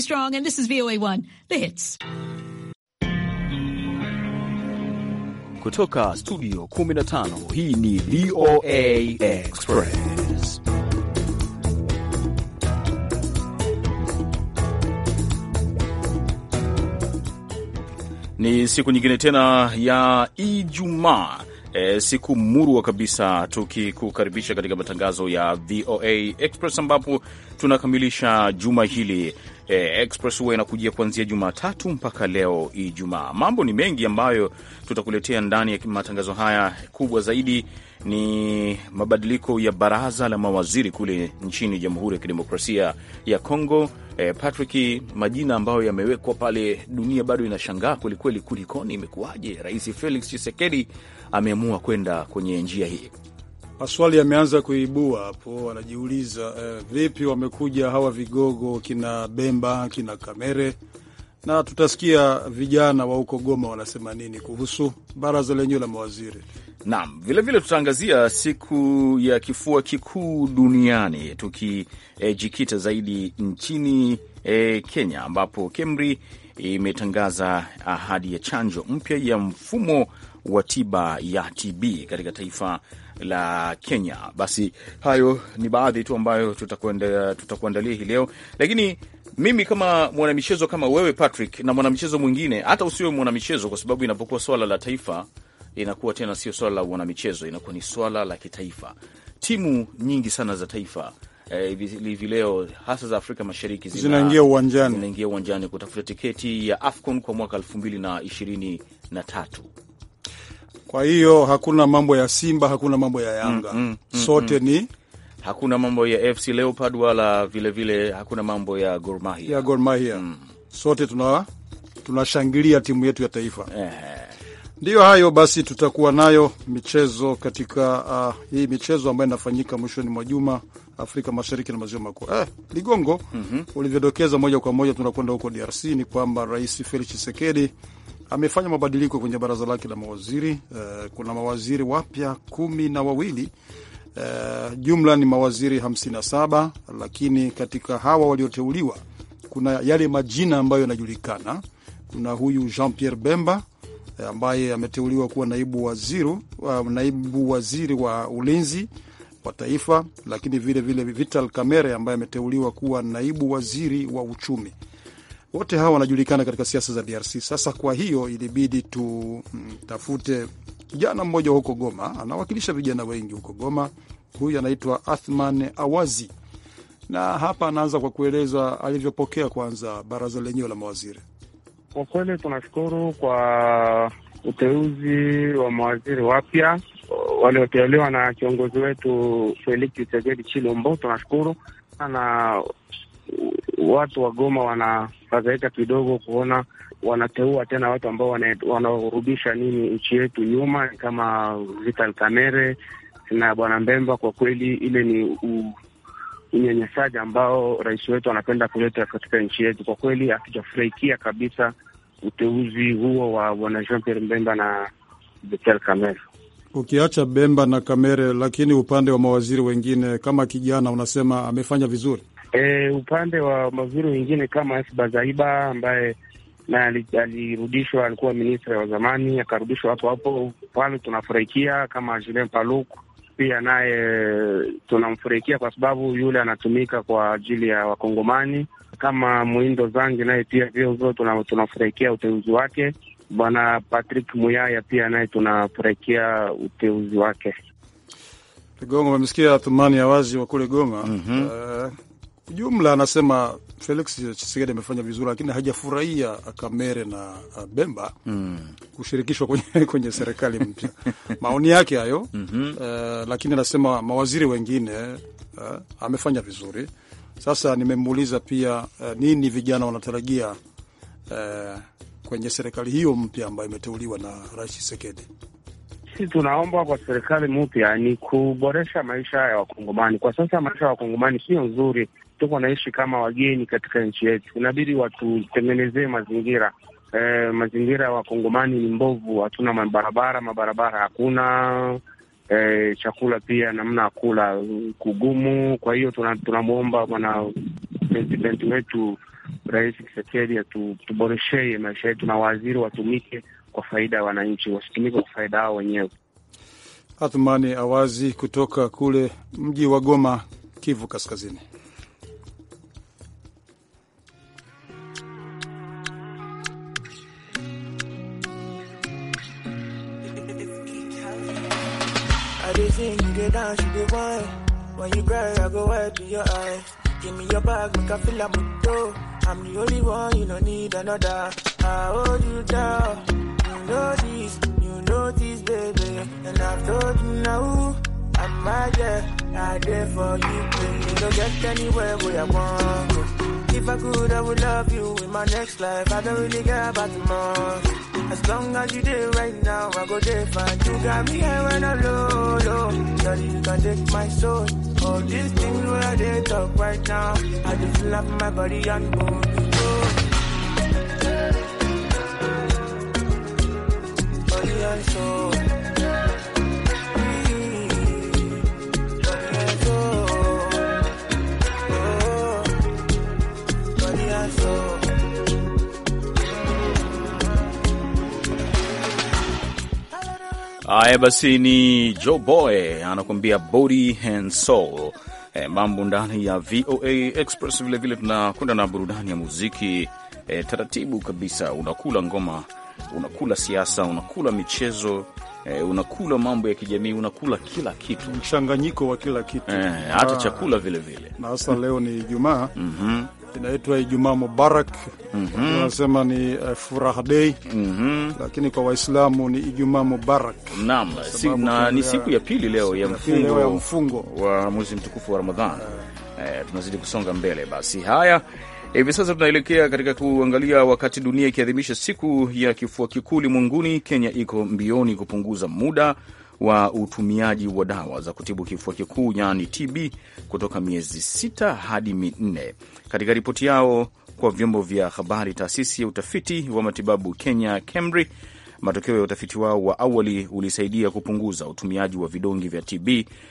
Strong and this is VOA1, The Hits. Kutoka studio 15 hii ni VOA Express. Ni siku nyingine tena ya Ijumaa. E, siku murwa kabisa tukikukaribisha katika matangazo ya VOA Express ambapo tunakamilisha juma hili eh, Express huwa inakujia kuanzia Jumatatu mpaka leo Ijumaa. Mambo ni mengi ambayo tutakuletea ndani ya matangazo haya. Kubwa zaidi ni mabadiliko ya baraza la mawaziri kule nchini Jamhuri ya Kidemokrasia ya Kongo. Eh, Patrick, majina ambayo yamewekwa pale, dunia bado inashangaa kwelikweli, kulikoni, imekuwaje rais Felix Tshisekedi ameamua kwenda kwenye njia hii? maswali yameanza kuibua hapo, wanajiuliza eh, vipi wamekuja hawa vigogo kina Bemba kina Kamere, na tutasikia vijana wa huko Goma wanasema nini kuhusu baraza lenyewe la mawaziri. Naam, vilevile tutaangazia siku ya kifua kikuu duniani tukijikita e, zaidi nchini e, Kenya ambapo KEMRI imetangaza e, ahadi ya chanjo mpya ya mfumo wa tiba ya TB katika taifa la Kenya. Basi hayo ni baadhi tu ambayo tutakuandalia hii leo, lakini mimi kama mwanamichezo kama wewe Patrick na mwanamichezo mwingine, hata usiwe mwanamichezo, kwa sababu inapokuwa swala la taifa inakuwa tena sio swala la wanamichezo, inakuwa ni swala la kitaifa. Timu nyingi sana za taifa eh, hivi e, leo hasa za Afrika Mashariki zinaingia uwanjani, zinaingia uwanjani kutafuta tiketi ya AFCON kwa mwaka elfu mbili na ishirini na tatu. Kwa hiyo hakuna mambo ya Simba, hakuna mambo ya Yanga. mm, mm, mm sote mm, ni hakuna mambo ya FC Leopard wala vilevile vile, hakuna mambo ya Gor Mahia ya Gor Mahia mm. Sote tuna tunashangilia timu yetu ya taifa eh. Ndiyo hayo basi, tutakuwa nayo michezo katika uh, hii michezo ambayo inafanyika mwishoni mwa juma Afrika Mashariki na Maziwa Makuu. Eh, Ligongo, mm -hmm. ulivyodokeza moja kwa moja, tunakwenda huko DRC. Ni kwamba Rais Felix Tshisekedi amefanya mabadiliko kwenye baraza lake la mawaziri. Uh, kuna mawaziri wapya kumi na wawili. Uh, jumla ni mawaziri 57 lakini katika hawa walioteuliwa kuna yale majina ambayo yanajulikana. Kuna huyu Jean Pierre Bemba eh, ambaye ameteuliwa kuwa naibu waziri, naibu waziri wa ulinzi wa taifa, lakini vilevile Vital Kamerhe ambaye ameteuliwa kuwa naibu waziri wa uchumi wote hawa wanajulikana katika siasa za DRC. Sasa kwa hiyo ilibidi tutafute kijana mmoja huko Goma, anawakilisha vijana wengi huko Goma. Huyu anaitwa Athman Awazi, na hapa anaanza kwa kueleza alivyopokea kwanza baraza lenyewe la mawaziri. Kwa kweli tunashukuru kwa uteuzi wa mawaziri wapya walioteuliwa na kiongozi wetu Felix Tshisekedi Chilombo. Tunashukuru na watu wa Goma wanafadhaika kidogo kuona wanateua tena watu ambao wanaorudisha nini nchi yetu nyuma kama Vital Kamerhe na bwana Mbemba. Kwa kweli ile ni unyanyasaji ambao rais wetu anapenda kuleta katika nchi yetu. Kwa kweli hatujafurahikia kabisa uteuzi huo wa bwana Jean Pierre Mbemba na Vital Kamerhe, ukiacha Bemba na Kamerhe, lakini upande wa mawaziri wengine kama kijana unasema amefanya vizuri E, upande wa mawaziri wengine kama Esba Bazaiba ambaye naye alirudishwa, alikuwa ministra wa zamani akarudishwa hapo hapo pale, tunafurahikia. Kama Julien Paluk pia naye tunamfurahikia kwa sababu yule anatumika kwa ajili ya Wakongomani. Kama muindo Zangi naye pia vyozo tunafurahikia uteuzi wake. Bwana Patrick Muyaya pia naye tunafurahikia uteuzi wake. Goma, umemsikia ya wazi wa kule Goma. mm -hmm. Uh, jumla anasema Felix chisekedi amefanya vizuri, lakini hajafurahia Kamere na Bemba mm. kushirikishwa kwenye, kwenye serikali mpya maoni yake hayo mm -hmm. uh, lakini anasema mawaziri wengine uh, amefanya vizuri. Sasa nimemuuliza pia uh, nini vijana wanatarajia uh, kwenye serikali hiyo mpya ambayo imeteuliwa na Rais chisekedi sisi tunaomba kwa serikali mpya ni kuboresha maisha ya Wakongomani. Kwa sasa maisha ya Wakongomani sio nzuri, tuko naishi kama wageni katika nchi yetu, inabidi watutengenezee mazingira e, mazingira ya Wakongomani ni mbovu, hatuna mabarabara, mabarabara hakuna e, chakula pia namna akula kugumu. Kwa hiyo tunamwomba bwana presidenti wetu Rais Kisekedi atuboreshee maisha yetu na waziri watumike kwa faida ya wananchi, wasitumike kwa faida yao wenyewe. Athumani Awazi kutoka kule mji wa Goma, Kivu Kaskazini. You know this, you know this, baby. And I've told you now, I'm out yeah, I there for you, baby. You don't get anywhere where I want If I could, I would love you in my next life. I don't really care about tomorrow. As long as you there right now, I go there fine. You got me here when I'm low, low. Daddy, you can take my soul. All these things where they talk right now. I just love my body and bone. Haya basi, ni Joe Boy anakuambia body and soul. E, mambo ndani ya VOA Express. Vilevile tunakwenda na burudani ya muziki e, taratibu kabisa. Unakula ngoma, unakula siasa, unakula michezo e, unakula mambo ya kijamii, unakula kila kitu, mchanganyiko wa kila kitu e, hata chakula vilevile. Na hasa leo ni Ijumaa mm -hmm inaitwa Ijumaa Mubarak, mm -hmm. ni uh, furaha dei mm -hmm. lakini kwa Waislamu ni Ijumaa Mubarak. Naam, si, na ni siku ya pili leo ya mfungo, ya mfungo wa mwezi mtukufu wa Ramadhan. Eh, tunazidi kusonga mbele basi. Haya, hivi sasa tunaelekea katika kuangalia, wakati dunia ikiadhimisha siku ya kifua kikuu ulimwenguni, Kenya iko mbioni kupunguza muda wa utumiaji wa dawa za kutibu kifua kikuu yaani TB kutoka miezi sita hadi minne. Katika ripoti yao kwa vyombo vya habari, taasisi ya utafiti wa matibabu Kenya KEMRI matokeo ya utafiti wao wa awali ulisaidia kupunguza utumiaji wa vidonge vya TB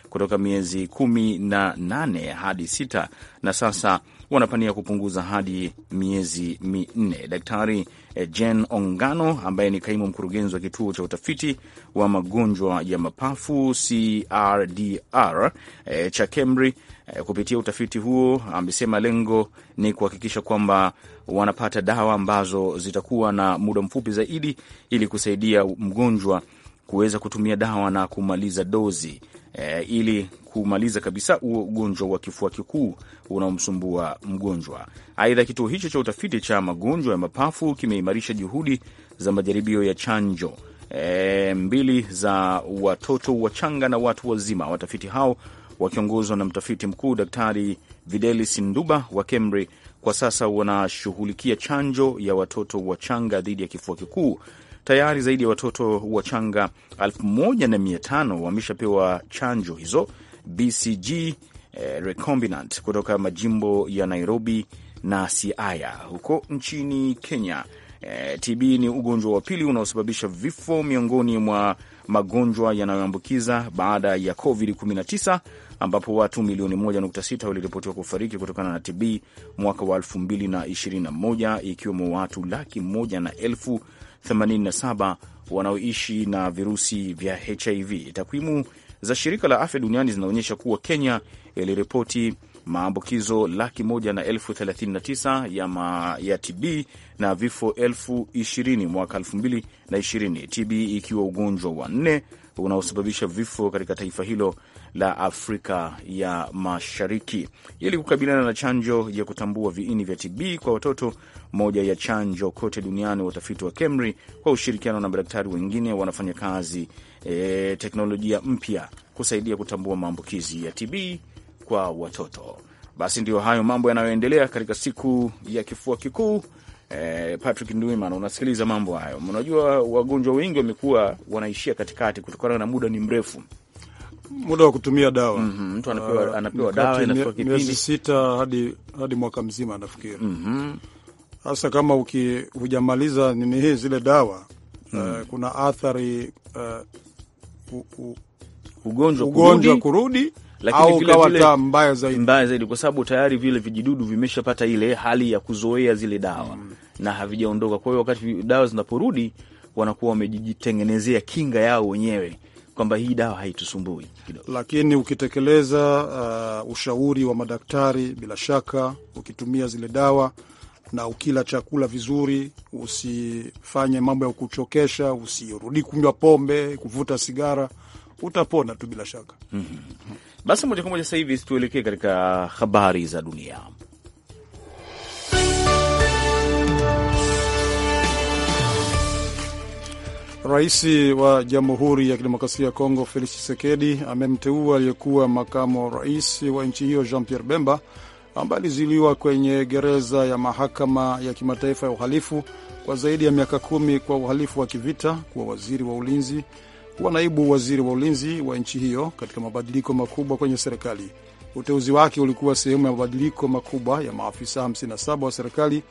kutoka miezi kumi na nane hadi sita na sasa wanapania kupunguza hadi miezi minne. Daktari eh, Jen Ongano ambaye ni kaimu mkurugenzi wa kituo cha utafiti wa magonjwa ya mapafu CRDR e, eh, cha KEMRI e, eh, kupitia utafiti huo amesema lengo ni kuhakikisha kwamba wanapata dawa ambazo zitakuwa na muda mfupi zaidi ili kusaidia mgonjwa kuweza kutumia dawa na kumaliza dozi e, ili kumaliza kabisa huo ugonjwa wa kifua kikuu unaomsumbua mgonjwa. Aidha, kituo hicho cha utafiti cha magonjwa ya mapafu kimeimarisha juhudi za majaribio ya chanjo e, mbili za watoto wachanga na watu wazima. Watafiti hao wakiongozwa na mtafiti mkuu Daktari Videlis Nduba wa KEMRI kwa sasa wanashughulikia chanjo ya watoto wachanga dhidi ya kifua kikuu Tayari zaidi ya watoto wachanga 1500 wameshapewa chanjo hizo BCG eh, recombinant kutoka majimbo ya Nairobi na Siaya huko nchini Kenya. Eh, TB ni ugonjwa wa pili unaosababisha vifo miongoni mwa magonjwa yanayoambukiza baada ya COVID-19 ambapo watu milioni 1.6 waliripotiwa kufariki kutokana na TB mwaka wa 2021 ikiwemo watu laki moja na elfu 87 wanaoishi na virusi vya HIV. Takwimu za shirika la afya duniani zinaonyesha kuwa Kenya iliripoti maambukizo laki moja na elfu thelathini na tisa ya, ma, ya TB na vifo elfu ishirini mwaka elfu mbili na ishirini TB ikiwa ugonjwa wa nne unaosababisha vifo katika taifa hilo la Afrika ya Mashariki ili kukabiliana na chanjo ya kutambua viini vya TB kwa watoto, moja ya chanjo kote duniani. Watafiti wa KEMRI kwa ushirikiano na madaktari wengine wanafanya kazi e, teknolojia mpya kusaidia kutambua maambukizi ya TB kwa watoto. Basi ndio hayo mambo yanayoendelea katika siku ya kifua kikuu. Eh, Patrick Ndwimana, unasikiliza mambo hayo. Unajua wagonjwa wengi wamekuwa wanaishia katikati kutokana na muda ni mrefu muda wa kutumia dawa mm -hmm. anapewa, uh, anapewa dawa inapewa kipindi miezi sita hadi, hadi mwaka mzima nafikiri mhm. hasa mm -hmm. kama uki, hujamaliza nini hii zile dawa mm -hmm. uh, kuna athari uh, u, u, ugonjwa, ugonjwa kurudi, kurudi lakini vile vile mbaya zaidi, mbaya zaidi kwa sababu tayari vile vijidudu vimeshapata ile hali ya kuzoea zile dawa mm na havijaondoka. Kwa hiyo wakati dawa zinaporudi wanakuwa wamejitengenezea kinga yao wenyewe kwamba hii dawa haitusumbui kidogo. Lakini ukitekeleza uh, ushauri wa madaktari, bila shaka ukitumia zile dawa na ukila chakula vizuri, usifanye mambo ya kuchokesha, usirudi kunywa pombe, kuvuta sigara, utapona tu bila shaka. mm -hmm. Basi moja kwa moja sasa hivi tuelekee katika habari za dunia. Rais wa Jamhuri ya Kidemokrasia ya Kongo Felix Tshisekedi amemteua aliyekuwa makamu rais wa nchi hiyo Jean Pierre Bemba ambaye alizuiliwa kwenye gereza ya mahakama ya kimataifa ya uhalifu kwa zaidi ya miaka kumi kwa uhalifu wa kivita kuwa waziri wa ulinzi, kuwa naibu waziri wa ulinzi wa nchi hiyo katika mabadiliko makubwa kwenye serikali. Uteuzi wake ulikuwa sehemu ya mabadiliko makubwa ya maafisa 57 wa serikali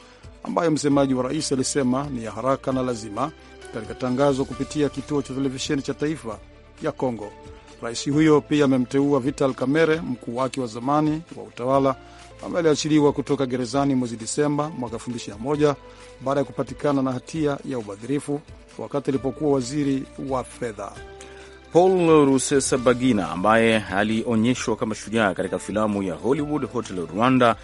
ambayo msemaji wa rais alisema ni ya haraka na lazima katika tangazo kupitia kituo cha televisheni cha taifa ya Kongo. Rais huyo pia amemteua Vital Kamerhe, mkuu wake wa zamani wa utawala ambaye aliachiliwa kutoka gerezani mwezi Disemba mwaka 2021 baada ya kupatikana na hatia ya ubadhirifu wakati alipokuwa waziri wa fedha. Paul Rusesabagina ambaye alionyeshwa kama shujaa katika filamu ya Hollywood Hotel Rwanda,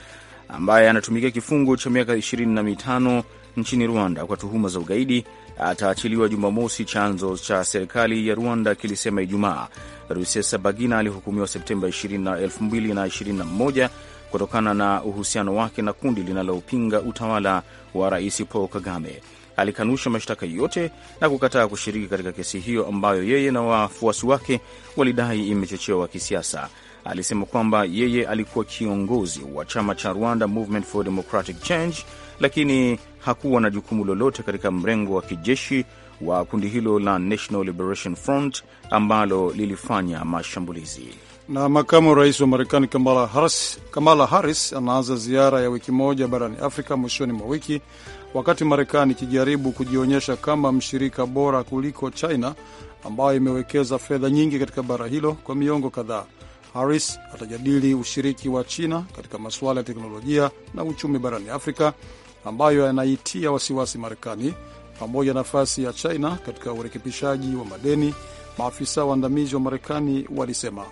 ambaye anatumikia kifungo cha miaka 25 nchini Rwanda kwa tuhuma za ugaidi ataachiliwa Jumamosi, chanzo cha serikali ya Rwanda kilisema Ijumaa. Rusesabagina alihukumiwa Septemba 2021 kutokana na uhusiano wake na kundi linalopinga utawala wa Rais Paul Kagame. Alikanusha mashtaka yote na kukataa kushiriki katika kesi hiyo ambayo yeye na wafuasi wake walidai imechochewa kisiasa. Alisema kwamba yeye alikuwa kiongozi wa chama cha Rwanda Movement for Democratic Change lakini hakuwa na jukumu lolote katika mrengo wa kijeshi wa kundi hilo la National Liberation Front ambalo lilifanya mashambulizi. Na makamu rais wa Marekani Kamala Harris, Kamala Harris anaanza ziara ya wiki moja barani Afrika mwishoni mwa wiki, wakati Marekani ikijaribu kujionyesha kama mshirika bora kuliko China ambayo imewekeza fedha nyingi katika bara hilo kwa miongo kadhaa. Harris atajadili ushiriki wa China katika masuala ya teknolojia na uchumi barani Afrika ambayo yanaitia wasiwasi Marekani, pamoja na nafasi ya China katika urekebishaji wa madeni, maafisa waandamizi wa Marekani walisema.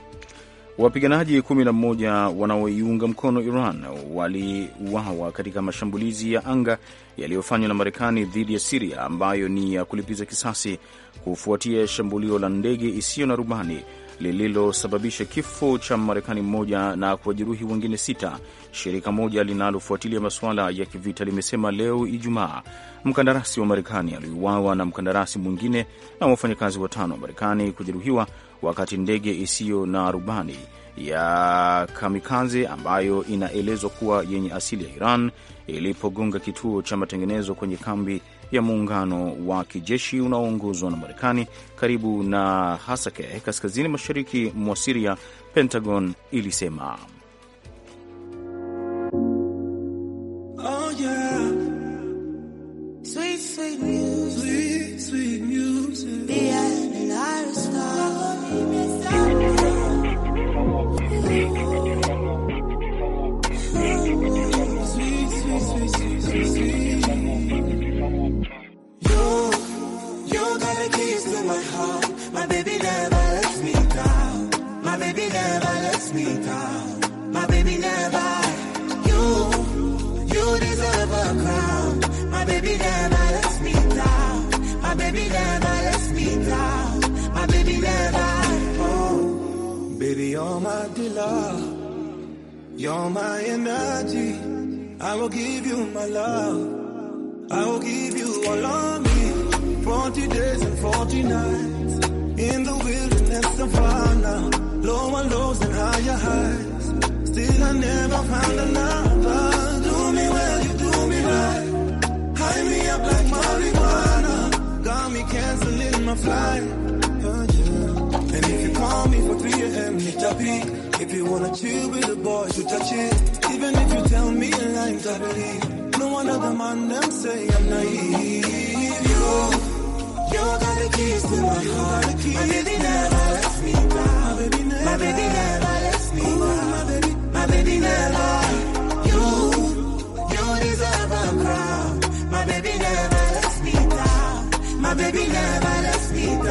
Wapiganaji 11 wanaoiunga mkono Iran waliuawa katika mashambulizi ya anga yaliyofanywa na Marekani dhidi ya Siria ambayo ni ya kulipiza kisasi kufuatia shambulio la ndege isiyo na rubani lililosababisha kifo cha Marekani mmoja na kuwajeruhi wengine sita. Shirika moja linalofuatilia masuala ya kivita limesema leo Ijumaa mkandarasi wa Marekani aliuawa na mkandarasi mwingine na wafanyakazi watano wa Marekani kujeruhiwa wakati ndege isiyo na rubani ya kamikaze ambayo inaelezwa kuwa yenye asili ya Iran ilipogonga kituo cha matengenezo kwenye kambi ya muungano wa kijeshi unaoongozwa na Marekani karibu na Hasakeh, kaskazini mashariki mwa Siria, Pentagon ilisema. my baby never. Oh. baby, you're my dealer. You're my energy. I will give you my love. I will give you all of me. 40 days and 40 nights. In the wilderness of Fana. Lower lows and higher highs. Still I never found another. Fly, oh, And if you call me for 3 a.m., hit a peak. If you wanna chill with the boys, you touch it. Even if you tell me a lie, I believe. No other man them say I'm naive. You. You got the keys to my heart. My baby never lets me down. My baby never, my lets me down. My baby, my baby never. You, you deserve a crown. My baby never lets me down. My baby never.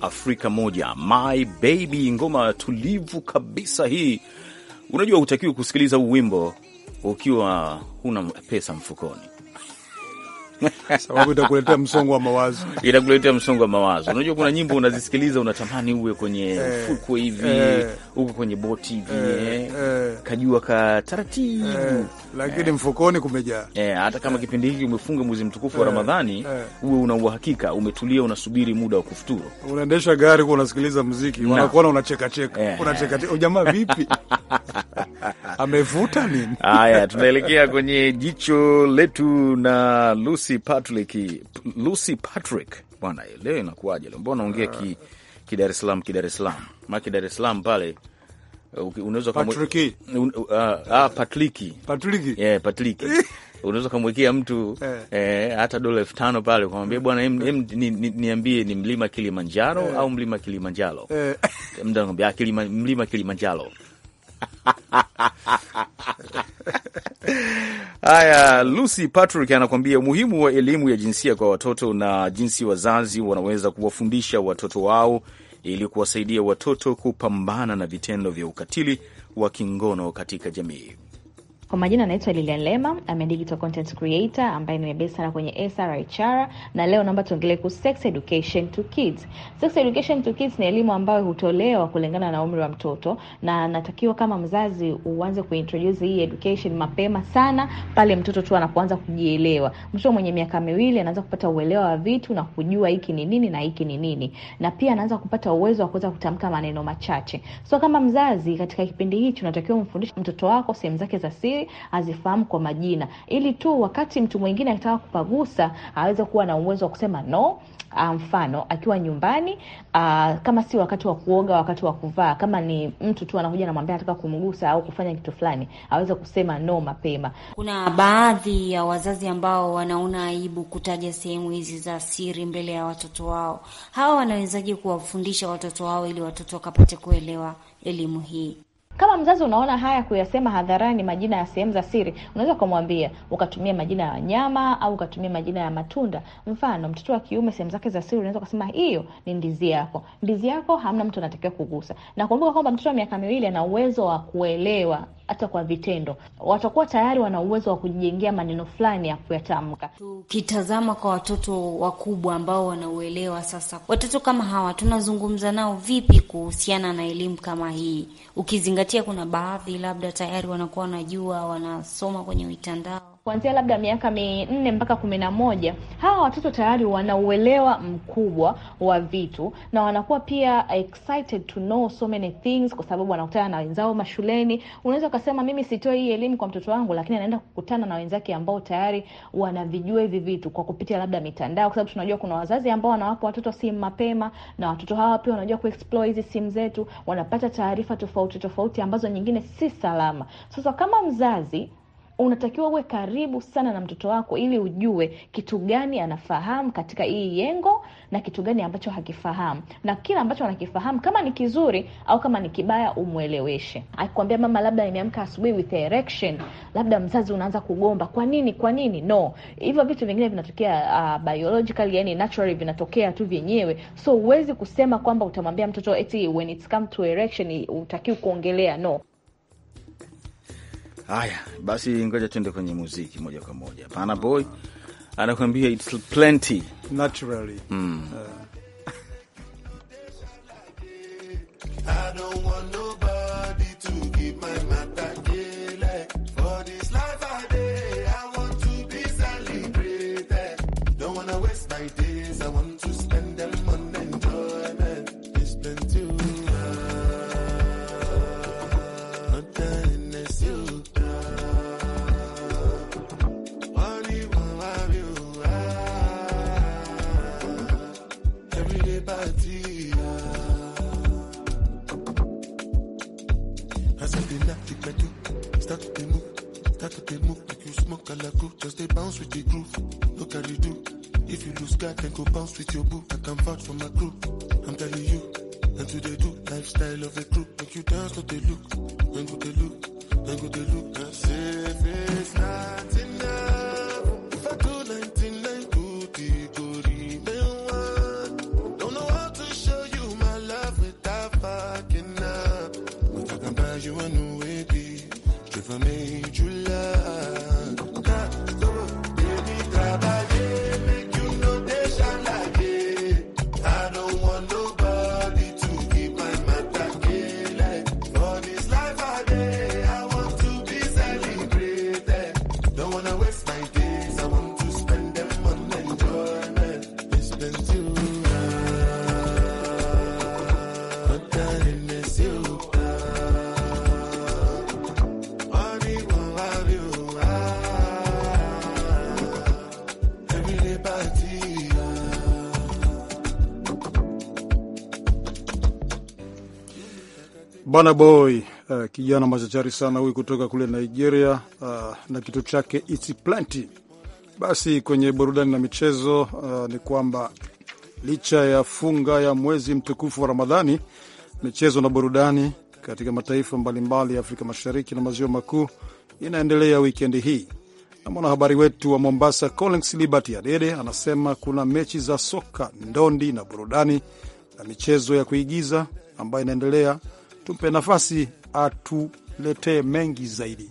Afrika moja, my baby, ngoma tulivu kabisa hii. Unajua hutakiwi kusikiliza huu wimbo ukiwa huna pesa mfukoni. sababu itakuletea msongo wa mawazo, itakuletea msongo wa mawazo. Unajua, kuna nyimbo unazisikiliza unatamani uwe kwenye eh, hivi eh, uko kwenye boti hivi eh, eh, eh, kajua ka taratibu eh, lakini eh, mfukoni kumejaa eh, hata kama eh, kipindi hiki umefunga mwezi mtukufu eh, wa Ramadhani eh, uwe una uhakika umetulia, unasubiri muda wa kufuturu, unaendesha gari kwa unasikiliza muziki, wanakuona unachekacheka eh, unachekacheka jamaa vipi amevuta nini? Haya, tunaelekea kwenye jicho letu na Lucy Lucy Patrick, Lucy Patrick. Bwana, leo inakuwaje leo? Mbona ongea ki ki Dar es Salaam ki Dar es Salaam ma ki Dar es Salaam pale uh, unaweza kama Patrick uh, ah, ah Patrick Patrick yeah Patrick unaweza kumwekea mtu eh. eh, hata dola elfu tano pale ukamwambia eh. bwana, hem niambie ni mlima Kilimanjaro eh. au mlima Kilimanjaro? Mtu anakuambia ah, Kilima, mlima Kilimanjaro Haya, Lucy Patrick anakuambia umuhimu wa elimu ya jinsia kwa watoto na jinsi wazazi wanaweza kuwafundisha watoto wao ili kuwasaidia watoto kupambana na vitendo vya ukatili wa kingono katika jamii. Kwa majina anaitwa Lilian Lema, I'm digital content creator ambaye nimebase sana kwenye SRHR na leo naomba tuongelee kuhusu sex education to kids. Sex education to kids ni elimu ambayo hutolewa kulingana na umri wa mtoto na natakiwa kama mzazi uanze kuintroduce hii education mapema sana pale mtoto tu anapoanza kujielewa. Mtoto mwenye miaka miwili anaanza kupata uelewa wa vitu na kujua hiki ni nini na hiki ni nini. Na pia anaanza kupata uwezo wa kuweza kutamka maneno machache. So kama mzazi katika kipindi hichi unatakiwa umfundishe mtoto wako sehemu zake za siri binafsi azifahamu kwa majina, ili tu wakati mtu mwingine akitaka kupagusa aweze kuwa na uwezo wa kusema no. Ah, mfano, akiwa nyumbani a, ah, kama si wakati wa kuoga, wakati wa kuvaa, kama ni mtu tu anakuja anamwambia anataka kumgusa au kufanya kitu fulani, aweze kusema no mapema. Kuna baadhi ya wazazi ambao wanaona aibu kutaja sehemu hizi za siri mbele ya watoto wao. Hawa wanawezaje kuwafundisha watoto wao ili watoto wakapate kuelewa elimu hii? Kama mzazi unaona haya kuyasema hadharani majina ya sehemu za siri, unaweza ukamwambia ukatumia majina ya wanyama au ukatumia majina ya matunda. Mfano, mtoto wa kiume sehemu zake za siri, unaweza ukasema hiyo ni ndizi yako. Ndizi yako hamna mtu anatakiwa kugusa, na kumbuka kwamba mtoto wa miaka miwili ana uwezo wa kuelewa hata kwa vitendo, watakuwa tayari wana uwezo wa kujijengea maneno fulani ya kuyatamka. Tukitazama kwa watoto wakubwa ambao wanauelewa sasa, watoto kama hawa tunazungumza nao vipi kuhusiana na elimu kama hii, ukizingatia kuna baadhi labda tayari wanakuwa wanajua, wanasoma kwenye mitandao kuanzia labda miaka minne mpaka kumi na moja, hawa watoto tayari wana uelewa mkubwa wa vitu na wanakuwa pia excited to know so many things, kwa sababu wanakutana na wenzao mashuleni. Unaweza ukasema mimi sitoe hii elimu kwa mtoto wangu, lakini anaenda kukutana na wenzake ambao tayari wanavijua hivi vitu kwa kupitia labda mitandao, kwa sababu tunajua kuna wazazi ambao wanawapa watoto simu mapema, na watoto hawa pia wanajua kuexplore hizi simu zetu, wanapata taarifa tofauti tofauti ambazo nyingine si salama. Sasa kama mzazi unatakiwa uwe karibu sana na mtoto wako ili ujue kitu gani anafahamu katika hii yengo na kitu gani ambacho hakifahamu, na kile ambacho anakifahamu kama ni kizuri au kama ni kibaya umweleweshe. Akikwambia mama, labda nimeamka asubuhi with erection, labda mzazi unaanza kugomba, kwa nini, kwa nini? No, hivyo vitu vingine vinatokea uh, biologically, yani naturally vinatokea tu vyenyewe, so huwezi kusema kwamba utamwambia mtoto eti when it's come to erection utakiwa kuongelea, no. Haya basi, ngoja tuende kwenye muziki moja kwa moja. Pana Boy anakuambia it's plenty naturally mm. uh. you a new AP. Driven made you love. Bana Boy, uh, kijana machachari sana huyu kutoka kule Nigeria, uh, na kitu chake It's Plenty. Basi kwenye burudani na michezo, uh, ni kwamba licha ya funga ya mwezi mtukufu wa Ramadhani, michezo na burudani katika mataifa mbalimbali ya Afrika Mashariki na Maziwa Makuu inaendelea wikendi hii, na mwanahabari wetu wa Mombasa Collins Liberty Adede anasema kuna mechi za soka, ndondi na burudani na michezo ya kuigiza ambayo inaendelea tumpe nafasi atuletee mengi zaidi.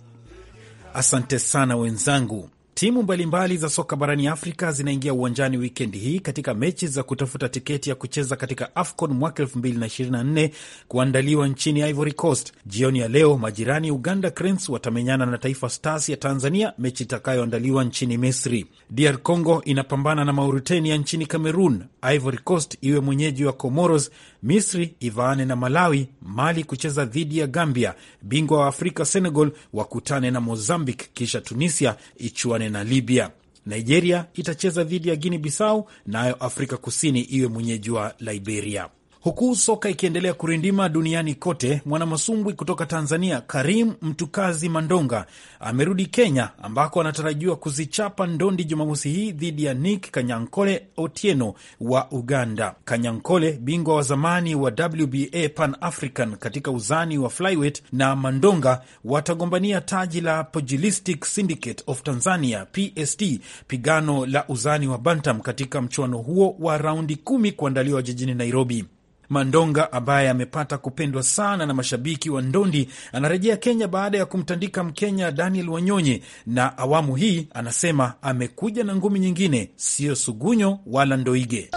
Asante sana wenzangu. Timu mbalimbali za soka barani Afrika zinaingia uwanjani wikendi hii katika mechi za kutafuta tiketi ya kucheza katika AFCON mwaka 2024 kuandaliwa nchini Ivory Coast. Jioni ya leo majirani Uganda Cranes watamenyana na Taifa Stars ya Tanzania, mechi itakayoandaliwa nchini Misri. DR Congo inapambana na Mauritania nchini Cameroon, Ivory Coast iwe mwenyeji wa Comoros, Misri ivaane na Malawi, Mali kucheza dhidi ya Gambia, bingwa wa Afrika Senegal wakutane na Mozambique, kisha Tunisia ichuane na Libya. Nigeria itacheza dhidi ya Guinea Bissau, nayo na Afrika Kusini iwe mwenyeji wa Liberia. Huku soka ikiendelea kurindima duniani kote, mwanamasumbwi kutoka Tanzania Karim Mtukazi Mandonga amerudi Kenya ambako anatarajiwa kuzichapa ndondi Jumamosi hii dhidi ya Nick Kanyankole Otieno wa Uganda. Kanyankole bingwa wa zamani wa WBA Pan African katika uzani wa flyweight, na Mandonga watagombania taji la Pugilistic Syndicate of Tanzania PST, pigano la uzani wa bantam katika mchuano huo wa raundi kumi kuandaliwa jijini Nairobi. Mandonga ambaye amepata kupendwa sana na mashabiki wa ndondi anarejea Kenya baada ya kumtandika Mkenya Daniel Wanyonyi, na awamu hii anasema amekuja na ngumi nyingine, sio sugunyo wala ndoige.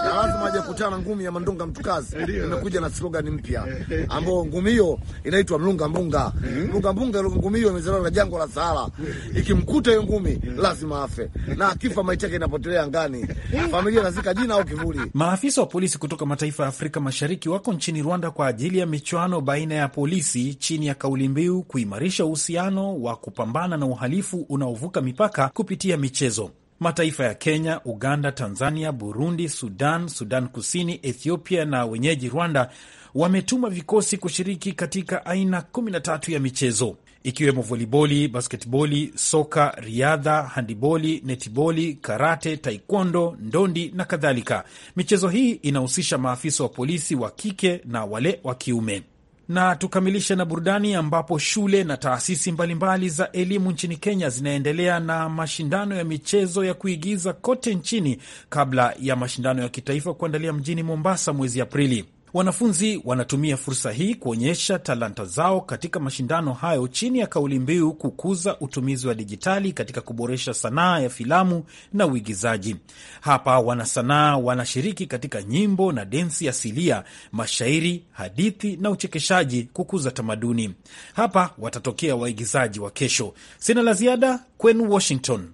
na ngumi ya Mandonga mtukazi, eh, imekuja na mpya eh, eh, ngumi hiyo inaitwa mlunga mbunga. Mm-hmm. Mlunga mbunga, ngumi hiyo imezaliwa na jangwa la Sahara, mm-hmm. ikimkuta hiyo ngumi mm-hmm. lazima afe, na akifa maiti yake inapotelea familia inazika jina au kivuli. Maafisa wa polisi kutoka mataifa ya Afrika Mashariki mashariki wako nchini Rwanda kwa ajili ya michuano baina ya polisi chini ya kauli mbiu kuimarisha uhusiano wa kupambana na uhalifu unaovuka mipaka kupitia michezo. Mataifa ya Kenya, Uganda, Tanzania, Burundi, Sudan, Sudan Kusini, Ethiopia na wenyeji Rwanda wametuma vikosi kushiriki katika aina 13 ya michezo ikiwemo voliboli, basketboli, soka, riadha, handiboli, netiboli, karate, taekwondo, ndondi na kadhalika. Michezo hii inahusisha maafisa wa polisi wa kike na wale wa kiume na tukamilishe na burudani ambapo shule na taasisi mbalimbali mbali za elimu nchini Kenya zinaendelea na mashindano ya michezo ya kuigiza kote nchini kabla ya mashindano ya kitaifa kuandalia mjini Mombasa mwezi Aprili. Wanafunzi wanatumia fursa hii kuonyesha talanta zao katika mashindano hayo chini ya kauli mbiu kukuza utumizi wa dijitali katika kuboresha sanaa ya filamu na uigizaji. Hapa wanasanaa wanashiriki katika nyimbo na densi asilia, mashairi, hadithi na uchekeshaji kukuza tamaduni. Hapa watatokea waigizaji wa kesho. Sina la ziada kwenu Washington.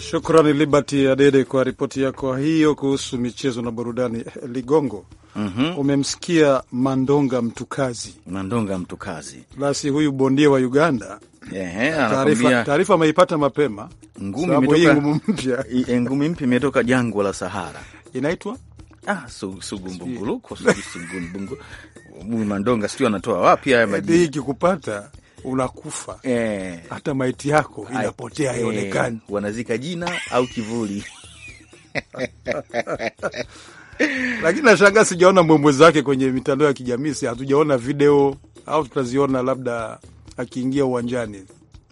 Shukrani Liberty Adede kwa ripoti yako hiyo kuhusu michezo na burudani. Ligongo, mm -hmm. Umemsikia Mandonga Mtukazi, Mandonga Mtukazi basi, huyu bondia wa Uganda. Eh, taarifa ameipata mapema, ngumi mpya eh, ngumi mpya imetoka jangwa la Sahara, inaitwa ah, sugumbunguluko sugumbungu. Mandonga sijui anatoa wapi haya majini, kikupata unakufa e, hata maiti yako inapotea eh, haionekani, e, wanazika jina au kivuli lakini nashangaa sijaona mbwembwe zake kwenye mitandao ya kijamii, si hatujaona video au tutaziona labda akiingia uwanjani.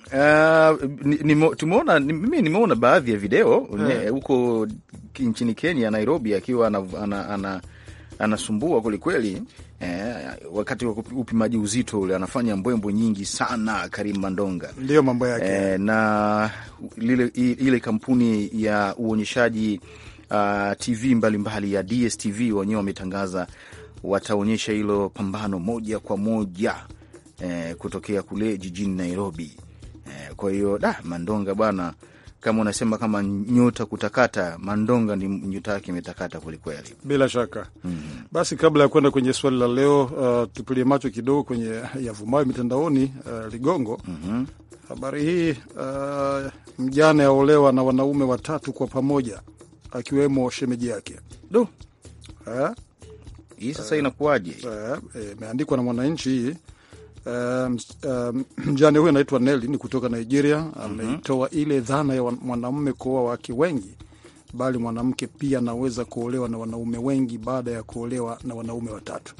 Uh, tumeona mimi nimeona baadhi ya video eh. huko nchini Kenya, Nairobi, akiwa ana, ana, ana anasumbua kwelikweli. Eh, wakati wa upimaji uzito ule anafanya mbwembwe nyingi sana Karim Mandonga, ndio mambo yake eh, na lile, ile kampuni ya uonyeshaji uh, ah, TV mbalimbali mbali ya DSTV wenyewe wametangaza wataonyesha hilo pambano moja kwa moja eh, kutokea kule jijini Nairobi eh, kwa hiyo da Mandonga bwana kama unasema kama nyota kutakata, Mandonga ni nyota yake imetakata kwelikweli, bila shaka mm -hmm. Basi kabla ya kwenda kwenye swali la leo, uh, tupilie macho kidogo kwenye yavumayo mitandaoni. Uh, Ligongo, mm -hmm. habari hii uh, mjane aolewa na wanaume watatu kwa pamoja akiwemo shemeji yake. du eh? hii sasa inakuwaje? Eh, eh, imeandikwa na Mwananchi hii Um, um, huyu anaitwa Nelly ni kutoka Nigeria. Mhm. Ameitoa ile dhana ya mwanamume kuoa wake wengi, bali mwanamke pia anaweza kuolewa na wanaume wengi baada ya kuolewa na wanaume watatu.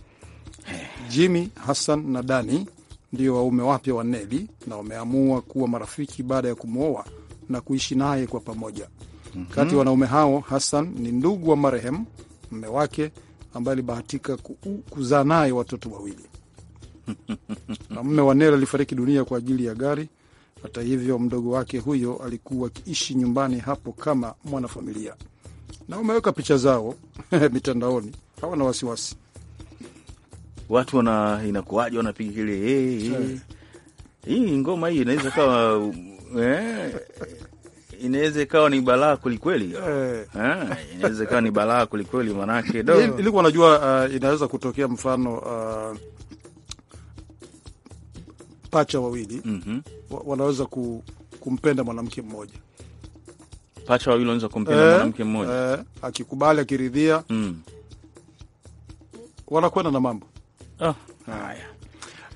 Eh. Jimmy, Hassan na Dani ndio waume wapya wa Nelly na wameamua kuwa marafiki baada ya kumwoa na kuishi naye kwa pamoja. Mhm. Kati ya wanaume hao Hassan ni ndugu wa marehemu mme wake ambaye alibahatika kuzaa naye watoto wawili na mume wa Nel alifariki dunia kwa ajili ya gari. Hata hivyo, mdogo wake huyo alikuwa akiishi nyumbani hapo kama mwanafamilia, na wameweka picha zao mitandaoni, hawana wasiwasi. Watu wana inakuwaje, wanapiga kile hey, hey. Hii ngoma hii inaweza kawa eh, inaweza ikawa ni balaa kwelikweli, eh. eh, inaweza ikawa ni balaa kwelikweli, manake ilikuwa najua, uh, inaweza kutokea mfano uh, pacha wawili mm -hmm. wanaweza ku, kumpenda mwanamke mmoja pacha wawili wanaweza kumpenda eh, mwanamke mmoja eh, akikubali akiridhia, mm. wanakwenda na mambo oh.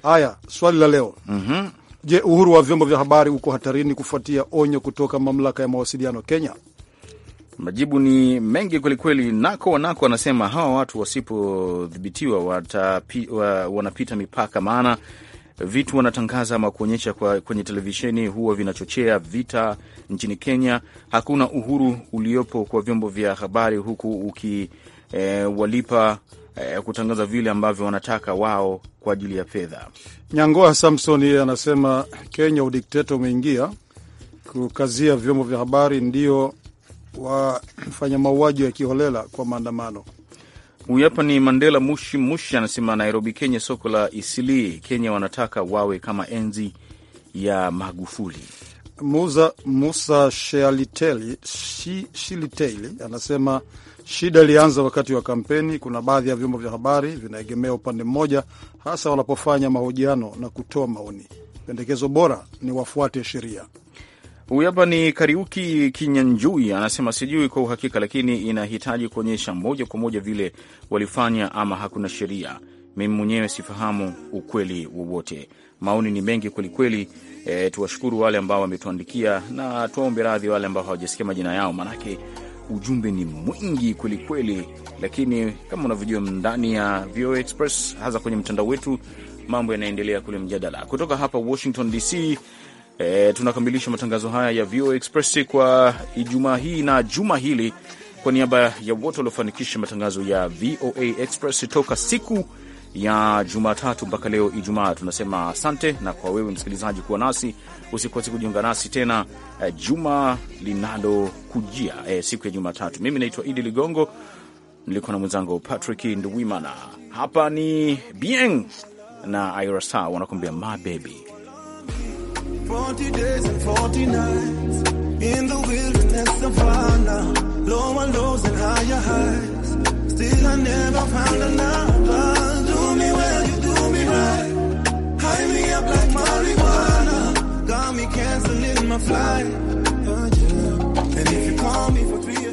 Haya, swali la leo mm -hmm. Je, uhuru wa vyombo vya habari uko hatarini kufuatia onyo kutoka mamlaka ya mawasiliano Kenya? Majibu ni mengi kwelikweli. Nako Nako wanasema hawa watu wasipodhibitiwa wa, wanapita mipaka maana vitu wanatangaza ama kuonyesha kwenye televisheni huwa vinachochea vita nchini Kenya. Hakuna uhuru uliopo kwa vyombo vya habari, huku ukiwalipa eh, e, eh, e, kutangaza vile ambavyo wanataka wao kwa ajili ya fedha. Nyangoa Samson yeye anasema Kenya udikteta umeingia kukazia vyombo vya habari ndio wafanya mauaji ya kiholela kwa maandamano. Huyu hapa ni Mandela Mushi Mushi, anasema Nairobi, Kenya, soko la Isili, Kenya wanataka wawe kama enzi ya Magufuli. Musa, Musa Shealiteli shi, Shiliteli anasema shida ilianza wakati wa kampeni. Kuna baadhi ya vyombo vya habari vinaegemea upande mmoja, hasa wanapofanya mahojiano na kutoa maoni. Pendekezo bora ni wafuate sheria. Huyu hapa ni Kariuki Kinyanjui, anasema sijui kwa uhakika, lakini inahitaji kuonyesha moja kwa moja vile walifanya, ama hakuna sheria. Mimi mwenyewe sifahamu ukweli wowote. Maoni ni mengi kwelikweli. E, tuwashukuru wale ambao wametuandikia na tuwaombe radhi wale ambao hawajasikia majina yao, maanake ujumbe ni mwingi kwelikweli, lakini kama unavyojua ndani ya VOA Express hasa kwenye mtandao wetu mambo yanaendelea kule, mjadala kutoka hapa Washington DC. E, tunakamilisha matangazo haya ya VOA Express kwa Ijumaa hii na juma hili. Kwa niaba ya wote waliofanikisha matangazo ya VOA Express toka siku ya Jumatatu mpaka leo Ijumaa, tunasema asante, na kwa wewe msikilizaji kuwa nasi, usikose kujiunga nasi tena e, juma linalokujia, e, siku ya Jumatatu. Mimi naitwa Idi Ligongo, nilikuwa na mwenzangu Patrick Nduwimana. Hapa ni Bien na irasa Star wanakuambia mabebi 40 days and 40 nights in the wilderness of savannah. Lower lows and higher highs. Still, I never found another. Do me well, you do me right. High me up like marijuana. Got me canceling my flight. Oh, and if you call me for three.